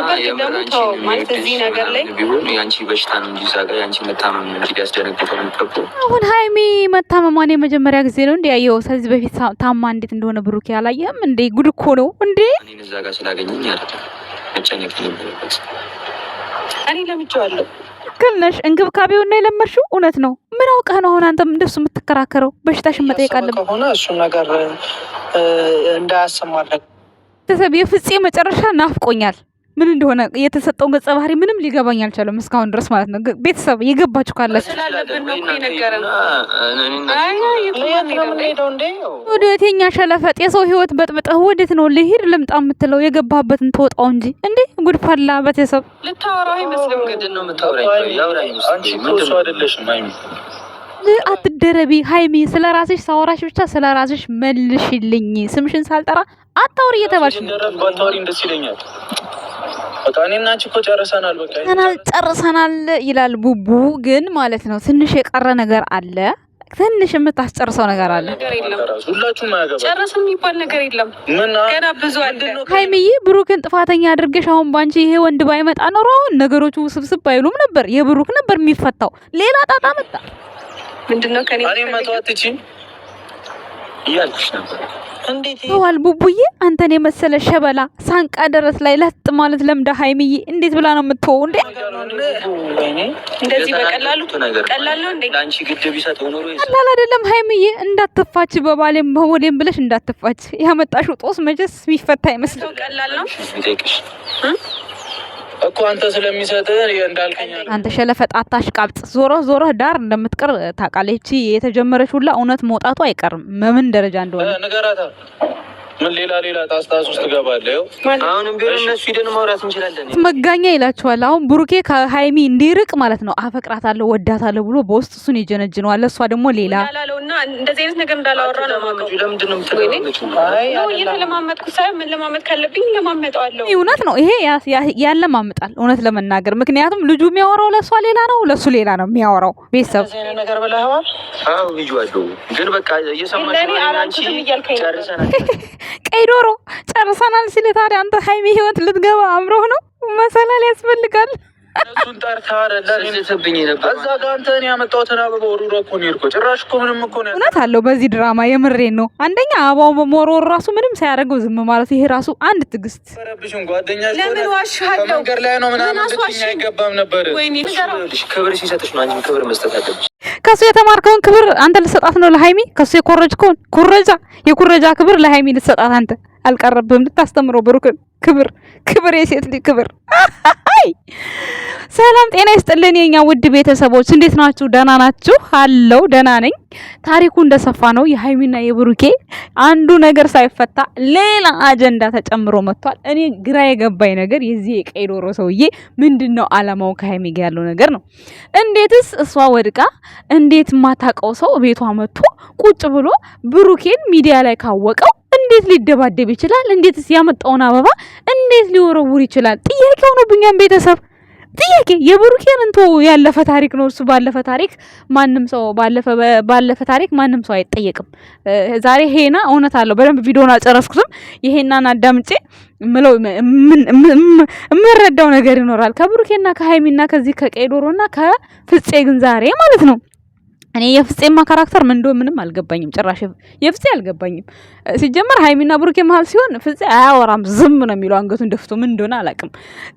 አሁን ሀይሚ መታመሟን የመጀመሪያ ጊዜ ነው እንዲ ያየው። ከዚህ በፊት ታማ እንዴት እንደሆነ ብሩክ ያላየም እንዴ? ጉድ እኮ ነው እንዴ! ክልነሽ እንክብካቤውን ነው የለመድሽው። እውነት ነው። ምን አውቀህ ነው አሁን አንተም እንደሱ የምትከራከረው? በሽታሽን መጠየቅ አለብህ። ከሆነ እሱ ነገር እንዳያሰማለን ቤተሰብ የፍፄ መጨረሻ ናፍቆኛል። ምን እንደሆነ የተሰጠውን ገጸ ባህሪ ምንም ሊገባኝ አልቻለም እስካሁን ድረስ ማለት ነው። ቤተሰብ የገባችሁ ካላችሁ ወደ የትኛ ሸለፈጥ የሰው ህይወት በጥብጠህ ወዴት ነው ልሄድ ልምጣ የምትለው? የገባህበትን ትወጣው እንጂ እንዴ ጉድፋላ ቤተሰብ አትደረቢ ሀይሚ፣ ስለ ራስሽ ሳወራሽ ብቻ ስለ ራስሽ መልሽልኝ። ስምሽን ሳልጠራ አታውሪ እየተባልሽ ነው። በቃ እኔና አንቺ እኮ ጨርሰናል፣ በቃ ጨርሰናል ይላል ቡቡ። ግን ማለት ነው ትንሽ የቀረ ነገር አለ፣ ትንሽ የምታስጨርሰው ነገር አለ። ሁላችሁም የሚባል ነገር የለም። ገና ብዙ አለ። ሀይሚዬ ብሩክን ጥፋተኛ አድርገሽ አሁን በአንቺ ይሄ ወንድ ባይመጣ ኖሮ አሁን ነገሮቹ ውስብስብ አይሉም ነበር። የብሩክ ነበር የሚፈታው። ሌላ ጣጣ መጣ። ምንድነው ከኔ መተዋትቺ እያልኩሽ ነበር ተዋል ቡቡዬ፣ አንተን የመሰለ ሸበላ ሳንቃ ደረስ ላይ ለጥ ማለት ለምዳ ሀይሚዬ እንዴት ብላ ነው የምትወው? እንዴ ቀላል አይደለም ሀይሚዬ፣ እንዳትፋች በባሌም በወሌም ብለሽ እንዳትፋች። ያመጣሽው ጦስ መጀስ የሚፈታ አይመስልም። እኮ አንተ ስለሚሰጥህ እንዳልከኝ አንተ ሸለፈጥ አታሽቃብጥ። ዞሮ ዞሮ ዳር እንደምትቀር ታውቃለች። የተጀመረች ሁላ እውነት መውጣቱ አይቀርም። መምን ደረጃ እንደሆነ ነገራታ ምን ሌላ ሌላ ጣስጣስ ውስጥ ገባለሁ። አሁንም ቢሆን እነሱ ሂደን ማውራት እንችላለን። መጋኛ ይላችኋል። አሁን ብሩኬ ከሀይሚ እንዲርቅ ማለት ነው። አፈቅራታለሁ፣ ወዳታለሁ ብሎ በውስጥ እሱን ይጀነጅነዋል። እሷ ደግሞ ሌላ ለማመጥ እውነት ነው ይሄ ያለማምጣል፣ እውነት ለመናገር ምክንያቱም ልጁ የሚያወራው ለእሷ ሌላ ነው፣ ለእሱ ሌላ ነው የሚያወራው። ቤተሰብ ነገር ብለዋል። አዎ ልጁ ግን በቃ እየሰማ ጨርሰናል ቀይ ዶሮ ጨርሰናል ሲል ታዲያ አንተ ሀይሚ ህይወት ልትገባ አምሮህ ነው መሰላል ያስፈልጋል። እሱን ጠርታ አይደለብኝ ነበር እዛ ጋ አንተ እኔ ያመጣሁትን አበባ ወሮራ እኮ ነው የሄድኩት። ጭራሽ እኮ ምንም እኮ ነው እውነት አለው በዚህ ድራማ የምሬን ነው። አንደኛ አበባው መወርወር ራሱ ምንም ሳያደርገው ዝም ማለት ይሄ ራሱ አንድ ትዕግስት። ለምን ዋሻለሁ? ከመንገድ ላይ ነው ምናምን አይገባም ነበር። ክብር ሲሰጥሽ ነው አንቺም ክብር መስጠት አለብሽ። ከሱ የተማርከውን ክብር አንተ ልሰጣት ነው ለሃይሚ። ከሱ የኮረጅከውን ኩረጃ የኩረጃ ክብር ለሃይሚ ልሰጣት አንተ አልቀረብህም። ልታስተምረው ብሩክን ክብር ክብር የሴት ልጅ ክብር ሰላም ጤና ይስጥልን የኛ ውድ ቤተሰቦች እንዴት ናችሁ? ደህና ናችሁ? አለው ደህና ነኝ። ታሪኩ እንደሰፋ ነው የሀይሚና የብሩኬ አንዱ ነገር ሳይፈታ ሌላ አጀንዳ ተጨምሮ መጥቷል። እኔ ግራ የገባኝ ነገር የዚህ የቀይ ዶሮ ሰውዬ ምንድነው አላማው? ከሀይሚ ጋር ያለው ነገር ነው። እንዴትስ እሷ ወድቃ እንዴት ማታቀው ሰው ቤቷ መጥቶ ቁጭ ብሎ ብሩኬን ሚዲያ ላይ ካወቀው እንዴት ሊደባደብ ይችላል? እንዴትስ ያመጣውን አበባ እንዴት ሊወረውር ይችላል? ጥያቄ ሆኖብኛል። ቤተሰብ ጥያቄ የብሩኬን እንቶ ያለፈ ታሪክ ነው። እሱ ባለፈ ታሪክ ማንም ሰው ባለፈ ባለፈ ታሪክ ማንም ሰው አይጠየቅም። ዛሬ ሄና እውነት አለው። በደንብ ቪዲዮውን አልጨረስኩትም። የሄናን አዳምጬ ምለው የምንረዳው ነገር ይኖራል ከብሩኬና ከሀይሚና ከዚህ ከቀይዶሮና ከፍጼ ግን ዛሬ ማለት ነው እኔ የፍፄማ ካራክተር ምን እንደሆነ ምንም አልገባኝም። ጭራሽ የፍፄ አልገባኝም። ሲጀመር ሀይሚና ብሩኬ መሀል ሲሆን ፍፄ አያወራም፣ ዝም ነው የሚለው አንገቱን ደፍቶ ምን እንደሆነ አላቅም።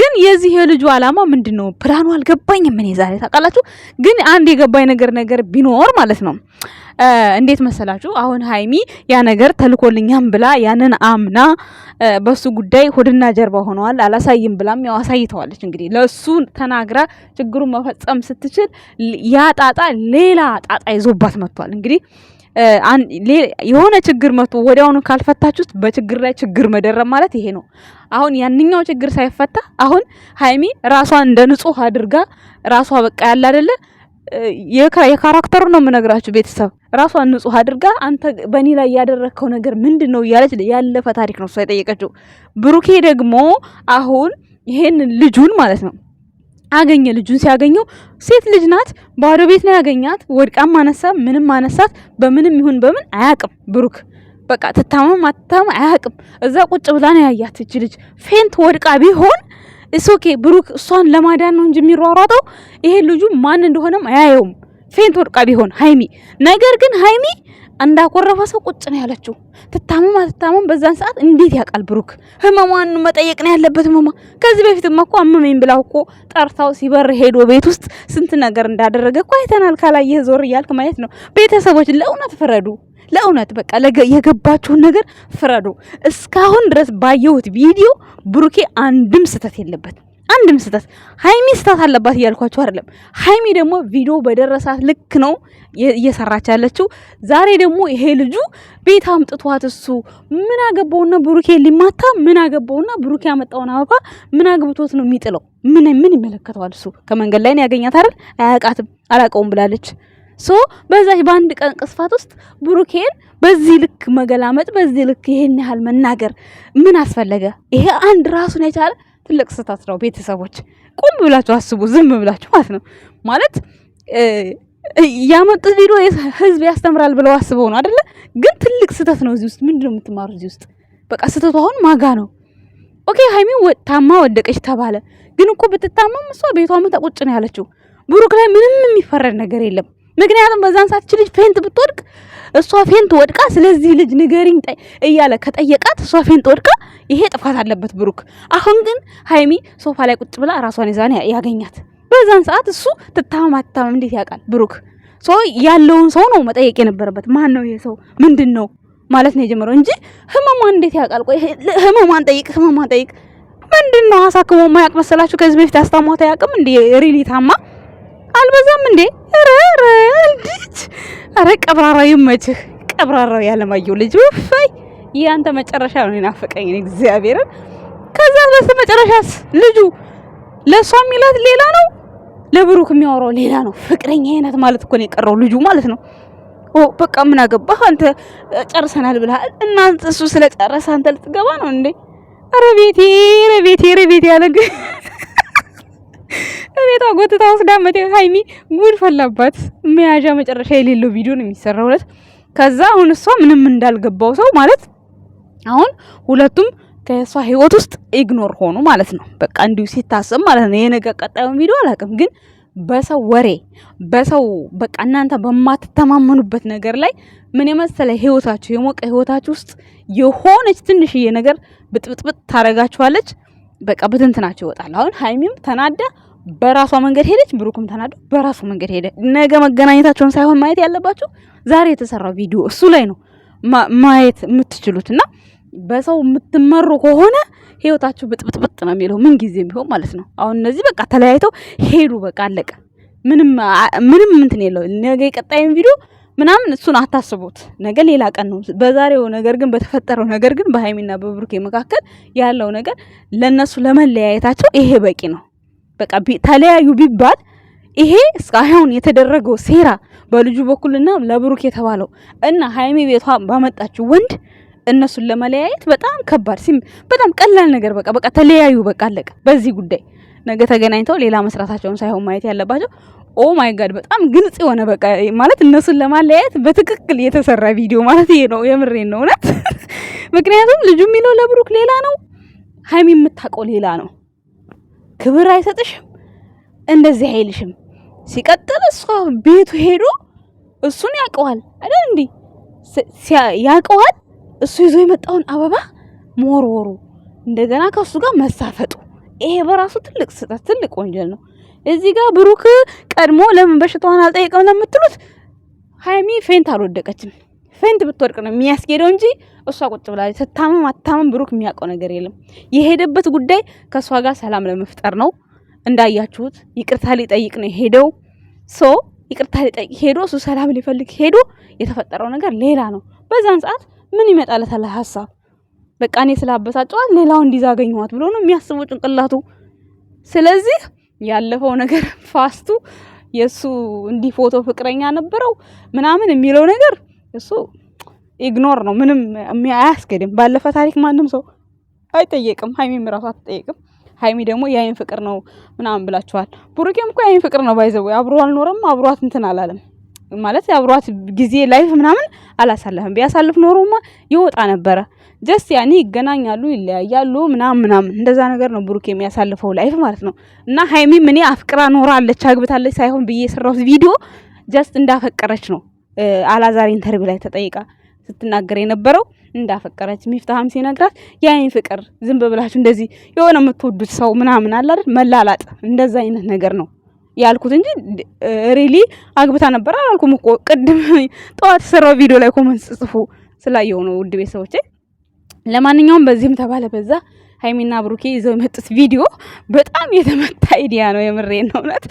ግን የዚህ የልጁ ዓላማ ምንድን ነው? ፕላኑ አልገባኝም። እኔ ዛሬ ታውቃላችሁ፣ ግን አንድ የገባኝ ነገር ነገር ቢኖር ማለት ነው እንዴት መሰላችሁ? አሁን ሀይሚ ያ ነገር ተልኮልኛም ብላ ያንን አምና በሱ ጉዳይ ሆድና ጀርባ ሆነዋል አላሳይም ብላም ያው አሳይተዋለች። እንግዲህ ለሱ ተናግራ ችግሩን መፈጸም ስትችል ያ ጣጣ ሌላ ጣጣ ይዞባት መጥቷል። እንግዲህ የሆነ ችግር መቶ ወዲያውኑ ካልፈታችሁት በችግር ላይ ችግር መደረብ ማለት ይሄ ነው። አሁን ያንኛው ችግር ሳይፈታ አሁን ሀይሚ ራሷን እንደ ንጹህ አድርጋ ራሷ በቃ ያለ አይደለ የካራክተሩ ነው የምነግራችሁ። ቤተሰብ ራሷን ንጹህ አድርጋ አንተ በእኔ ላይ ያደረግከው ነገር ምንድን ነው እያለች ያለፈ ታሪክ ነው እሷ የጠየቀችው። ብሩኬ ደግሞ አሁን ይሄን ልጁን ማለት ነው አገኘ። ልጁን ሲያገኘው ሴት ልጅ ናት፣ ባዶ ቤት ነው ያገኛት። ወድቃም ማነሳ ምንም ማነሳት በምንም ይሁን በምን አያቅም ብሩክ በቃ ትታመም አትታመም አያቅም። እዛ ቁጭ ብላ ነው ያያት እች ልጅ ፌንት ወድቃ ቢሆን ኦኬ ብሩክ እሷን ለማዳን ነው እንጂ የሚሯሯጠው ይሄ ልጁ ማን እንደሆነም አያየውም። ፌንት ወድቃ ቢሆን ሀይሚ ነገር ግን ሀይሚ እንዳኮረፈ ሰው ቁጭ ነው ያለችው። ትታመም አትታመም በዛን ሰዓት እንዴት ያውቃል ብሩክ? ህመሟን መጠየቅ ነው ያለበት። ህመሟ ከዚህ በፊትማ እኮ አመመኝ ብላው እኮ ጠርታው ሲበር ሄዶ ቤት ውስጥ ስንት ነገር እንዳደረገ እኮ አይተናል። ካላየህ ዞር እያልክ ማየት ነው። ቤተሰቦች ለእውነት ፍረዱ። ለእውነት በቃ የገባችሁን ነገር ፍረዱ። እስካሁን ድረስ ባየሁት ቪዲዮ ብሩኬ አንድም ስህተት የለበትም? አንድም ስህተት ሀይሚ ስህተት አለባት እያልኳችሁ አይደለም። ሀይሚ ደግሞ ቪዲዮ በደረሳት ልክ ነው እየሰራች ያለችው። ዛሬ ደግሞ ይሄ ልጁ ቤት አምጥቷት እሱ ምን አገባውና ብሩኬ ሊማታ ምን አገባውና ብሩኬ ያመጣውን አበባ ምን አግብቶት ነው የሚጥለው? ምን ምን ይመለከተዋል እሱ? ከመንገድ ላይ ያገኛት አይደል? አያውቃትም፣ አላውቀውም ብላለች። ሶ በዛች በአንድ ቀን ቅስፋት ውስጥ ብሩኬን በዚህ ልክ መገላመጥ፣ በዚህ ልክ ይሄን ያህል መናገር ምን አስፈለገ? ይሄ አንድ ራሱን የቻለ ትልቅ ስህተት ነው። ቤተሰቦች ቁም ብላችሁ አስቡ። ዝም ብላችሁ ማለት ነው ማለት ያመጡት ቪዲዮ ህዝብ ያስተምራል ብለው አስበው ነው አይደለ? ግን ትልቅ ስህተት ነው። እዚህ ውስጥ ምንድነው የምትማሩ? እዚህ ውስጥ በቃ ስህተቱ አሁን ማጋ ነው። ኦኬ ሀይሚ ታማ ወደቀች ተባለ። ግን እኮ ብትታማም እሷ ቤቷ መታ ቁጭ ነው ያለችው። ብሩክ ላይ ምንም የሚፈረድ ነገር የለም። ምክንያቱም በዛን ሰዓት ልጅ ፌንት ብትወድቅ እሷ ፌንት ወድቃ ስለዚህ ልጅ ንገሪኝ እያለ ከጠየቃት እሷ ፌንት ወድቃ ይሄ ጥፋት አለበት ብሩክ። አሁን ግን ሀይሚ ሶፋ ላይ ቁጭ ብላ ራሷን ይዛን ያገኛት በዛን ሰዓት እሱ ትታመም አትታመም እንዴት ያውቃል ብሩክ? ሶ ያለውን ሰው ነው መጠየቅ የነበረበት። ማን ነው ይሄ ሰው ምንድን ነው ማለት ነው የጀመረው እንጂ ህመሟን እንዴት ያውቃል? ቆይ ህመሟን ጠይቅ፣ ህመሟን ጠይቅ። ምንድን ነው አሳክሞ ማያውቅ መሰላችሁ? ከዚህ በፊት አስታሟት አያውቅም እንዴ? ሪሊ ታማ አልበዛም እንዴ? ኧረ ኧረ እንዴት! ኧረ ቀብራራው ይመችህ። ቀብራራው ያለማየሁ ልጅ ውፋይ ያንተ መጨረሻ ነው የናፈቀኝ እግዚአብሔር። ከዛ በስተ መጨረሻስ ልጁ ለእሷ የሚላት ሌላ ነው፣ ለብሩክ የሚያወራው ሌላ ነው። ፍቅረኛ አይነት ማለት እኮ ነው የቀረው ልጁ ማለት ነው። ኦ በቃ ምን አገባህ አንተ ጨርሰናል ብለሃል። እናንተ እሱ ስለጨረሰ አንተ ልትገባ ነው እንዴ? ኧረ ቤቴ ኧረ ቤቴ ኧረ ቤቴ ያለ ጎትታ ጎትታ ወስዳ መቴ ሀይሚ ጉድ ፈላባት። መያዣ መጨረሻ የሌለው ቪዲዮ ነው የሚሰራው ለት ከዛ አሁን እሷ ምንም እንዳልገባው ሰው ማለት አሁን ሁለቱም ከእሷ ህይወት ውስጥ ኢግኖር ሆኑ ማለት ነው። በቃ እንዲሁ ሲታሰብ ማለት ነው። የነገ ቀጣዩ ቪዲዮ አላውቅም፣ ግን በሰው ወሬ በሰው በቃ እናንተ በማትተማመኑበት ነገር ላይ ምን የመሰለ ህይወታችሁ የሞቀ ህይወታችሁ ውስጥ የሆነች ትንሽዬ ነገር ብጥብጥብጥ ታደርጋችኋለች። በቃ በትንትናቸው ይወጣል። አሁን ሀይሚም ተናዳ በራሷ መንገድ ሄደች። ብሩክም ተናዶ በራሱ መንገድ ሄደ። ነገ መገናኘታቸውን ሳይሆን ማየት ያለባቸው ዛሬ የተሰራው ቪዲዮ እሱ ላይ ነው ማየት የምትችሉት። እና በሰው የምትመሩ ከሆነ ህይወታችሁ ብጥብጥብጥ ነው የሚለው ምን ጊዜ ቢሆን ማለት ነው። አሁን እነዚህ በቃ ተለያይተው ሄዱ፣ በቃ አለቀ። ምንም ምንትን የለው። ነገ የቀጣይም ቪዲዮ ምናምን እሱን አታስቡት። ነገ ሌላ ቀን ነው። በዛሬው ነገር ግን በተፈጠረው ነገር ግን በሀይሚና በብሩኬ መካከል ያለው ነገር ለእነሱ ለመለያየታቸው ይሄ በቂ ነው። በቃ ተለያዩ ቢባል ይሄ እስካሁን የተደረገው ሴራ በልጁ በኩልና ለብሩክ የተባለው እና ሀይሚ ቤቷ ባመጣችው ወንድ እነሱን ለመለያየት በጣም ከባድ ሲም በጣም ቀላል ነገር በቃ በቃ ተለያዩ በቃ አለቀ። በዚህ ጉዳይ ነገ ተገናኝተው ሌላ መስራታቸውን ሳይሆን ማየት ያለባቸው። ኦ ማይ ጋድ በጣም ግልጽ የሆነ በቃ ማለት እነሱን ለማለያየት በትክክል የተሰራ ቪዲዮ ማለት ይሄ ነው። የምሬን ነው እውነት። ምክንያቱም ልጁ የሚለው ለብሩክ ሌላ ነው፣ ሀይሚ የምታውቀው ሌላ ነው። ክብር አይሰጥሽም፣ እንደዚህ አይልሽም። ሲቀጥል እሷ ቤቱ ሄዶ እሱን ያውቀዋል አይደል? እንዲ ያውቀዋል። እሱ ይዞ የመጣውን አበባ መወርወሩ፣ እንደገና ከሱ ጋር መሳፈጡ፣ ይሄ በራሱ ትልቅ ስህተት፣ ትልቅ ወንጀል ነው። እዚህ ጋር ብሩክ ቀድሞ ለምን በሽታዋን አልጠየቀም ለምትሉት ሀይሚ ፌንት አልወደቀችም። ፌንት ብትወድቅ ነው የሚያስኬደው እንጂ እሷ ቁጭ ብላ ስታምም አታምም ብሩክ የሚያውቀው ነገር የለም። የሄደበት ጉዳይ ከእሷ ጋር ሰላም ለመፍጠር ነው። እንዳያችሁት ይቅርታ ሊጠይቅ ነው ሄደው ሶ ይቅርታ ሊጠይቅ ሄዶ እሱ ሰላም ሊፈልግ ሄዶ የተፈጠረው ነገር ሌላ ነው። በዛን ሰዓት ምን ይመጣለታል ሀሳብ በቃ እኔ ስላበሳጨዋት ሌላው እንዲዛ አገኘኋት ብሎ ነው የሚያስበው ጭንቅላቱ። ስለዚህ ያለፈው ነገር ፋስቱ የእሱ እንዲህ ፎቶ ፍቅረኛ ነበረው ምናምን የሚለው ነገር እሱ ኢግኖር ነው። ምንም አያስገድም። ባለፈ ታሪክ ማንም ሰው አይጠየቅም። ሀይሚም ራሱ አትጠየቅም። ሀይሚ ደግሞ የአይን ፍቅር ነው ምናምን ብላችኋል። ብሩኬም እኮ የአይን ፍቅር ነው ባይዘው አብሮ አልኖረም፣ አብሯት እንትን አላለም ማለት አብሯት ጊዜ ላይፍ ምናምን አላሳለፍም። ቢያሳልፍ ኖሮማ ይወጣ ነበረ። ጀስት ያኔ ይገናኛሉ፣ ይለያያሉ ምናምን ምናምን እንደዛ ነገር ነው ብሩኬ የሚያሳልፈው ላይፍ ማለት ነው። እና ሀይሚም እኔ አፍቅራ ኖራለች አግብታለች ሳይሆን ብዬ የሰራሁት ቪዲዮ ጀስት እንዳፈቀረች ነው አላዛር ኢንተርቪው ላይ ተጠይቃ ስትናገር የነበረው እንዳፈቀረች ሚፍታህም ሲነግራት የአይን ፍቅር ዝም ብላችሁ እንደዚህ የሆነ የምትወዱት ሰው ምናምን አለ አይደል መላላጥ እንደዛ አይነት ነገር ነው ያልኩት እንጂ ሪሊ አግብታ ነበር አላልኩም እኮ ቅድም ጠዋት የሰራው ቪዲዮ ላይ ኮመንት ጽፉ ስላየው ነው ውድ ቤተሰቦቼ ለማንኛውም በዚህም ተባለ በዛ ሀይሚና ብሩኬ ይዘው የመጡት ቪዲዮ በጣም የተመታ አይዲያ ነው። የምሬን እውነት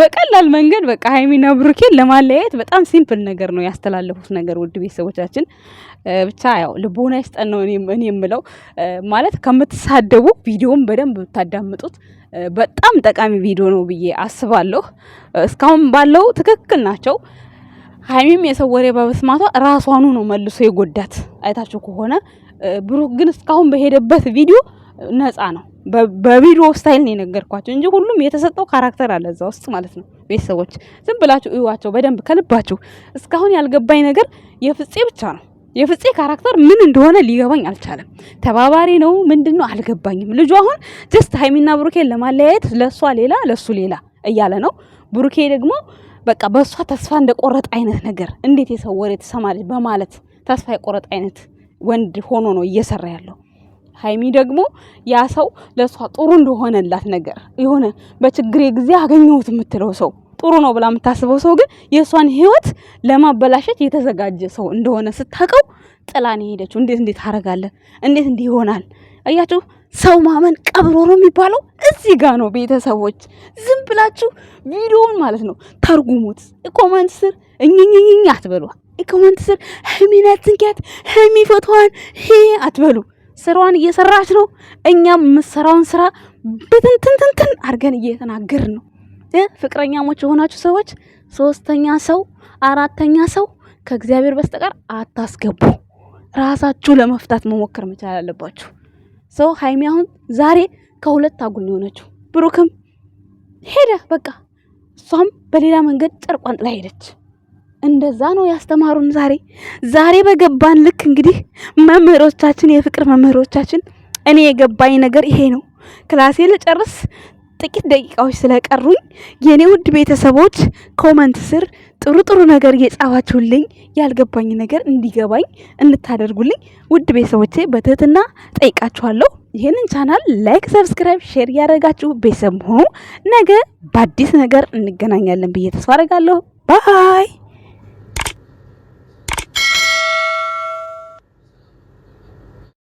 በቀላል መንገድ በቃ ሀይሚና ብሩኬን ለማለያየት በጣም ሲምፕል ነገር ነው ያስተላለፉት ነገር። ውድ ቤተሰቦቻችን ብቻ ያው ልቦና ይስጠን ነው እኔ የምለው። ማለት ከምትሳደቡ ቪዲዮን በደንብ ብታዳምጡት በጣም ጠቃሚ ቪዲዮ ነው ብዬ አስባለሁ። እስካሁን ባለው ትክክል ናቸው። ሀይሚም የሰው ወሬ በመስማቷ ራሷኑ ነው መልሶ የጎዳት አይታችሁ ከሆነ ብሩክ ግን እስካሁን በሄደበት ቪዲዮ ነፃ ነው። በቪዲዮ ስታይል ነው የነገርኳቸው እንጂ ሁሉም የተሰጠው ካራክተር አለ እዛ ውስጥ ማለት ነው። ቤተሰቦች ዝም ብላችሁ እዩዋቸው በደንብ ከልባችሁ። እስካሁን ያልገባኝ ነገር የፍፄ ብቻ ነው። የፍፄ ካራክተር ምን እንደሆነ ሊገባኝ አልቻለም። ተባባሪ ነው ምንድን ነው አልገባኝም። ልጁ አሁን ጀስት ሀይሚና ብሩኬን ለማለያየት ለእሷ ሌላ ለእሱ ሌላ እያለ ነው። ብሩኬ ደግሞ በቃ በእሷ ተስፋ እንደቆረጠ አይነት ነገር እንዴት የሰው ወሬ ትሰማለች በማለት ተስፋ የቆረጥ አይነት ወንድ ሆኖ ነው እየሰራ ያለው። ሀይሚ ደግሞ ያ ሰው ለእሷ ጥሩ እንደሆነላት ነገር የሆነ በችግሬ ጊዜ አገኘሁት የምትለው ሰው ጥሩ ነው ብላ የምታስበው ሰው ግን የእሷን ህይወት ለማበላሸት የተዘጋጀ ሰው እንደሆነ ስታውቀው ጥላን የሄደችው። እንዴት እንዴት ታደርጋለህ? እንዴት እንዲህ ይሆናል? እያችሁ ሰው ማመን ቀብሮ ነው የሚባለው እዚህ ጋ ነው። ቤተሰቦች ዝም ብላችሁ ቪዲዮውን ማለት ነው ተርጉሙት። ኮመንት ስር እኝኝኝኝ አትበሏል ኮመንት ስር ሀይሚን አትንኪያት፣ ሀይሚ ፎቶዋን አትበሉ። ስራዋን እየሰራች ነው። እኛም የምትሰራውን ስራ በትንትንትንትን አድርገን እየተናገር ነው። ፍቅረኛሞች የሆናችሁ ሰዎች ሶስተኛ ሰው አራተኛ ሰው ከእግዚአብሔር በስተቀር አታስገቡ። ራሳችሁ ለመፍታት መሞከር መቻል አለባችሁ። ሰው ሀይሚ አሁን ዛሬ ከሁለት አጉል የሆነችው ብሩክም ሄደ በቃ እሷም በሌላ መንገድ ጨርቋን ጥላ ሄደች። እንደዛ ነው ያስተማሩን። ዛሬ ዛሬ በገባን ልክ እንግዲህ መምህሮቻችን፣ የፍቅር መምህሮቻችን እኔ የገባኝ ነገር ይሄ ነው። ክላሴ ልጨርስ ጥቂት ደቂቃዎች ስለቀሩኝ የኔ ውድ ቤተሰቦች ኮመንት ስር ጥሩ ጥሩ ነገር እየጻፋችሁልኝ ያልገባኝ ነገር እንዲገባኝ እንታደርጉልኝ ውድ ቤተሰቦቼ በትህትና ጠይቃችኋለሁ። ይህንን ቻናል ላይክ፣ ሰብስክራይብ፣ ሼር ያደረጋችሁ ቤተሰብ መሆኑ ነገ በአዲስ ነገር እንገናኛለን ብዬ ተስፋ አደርጋለሁ። ባይ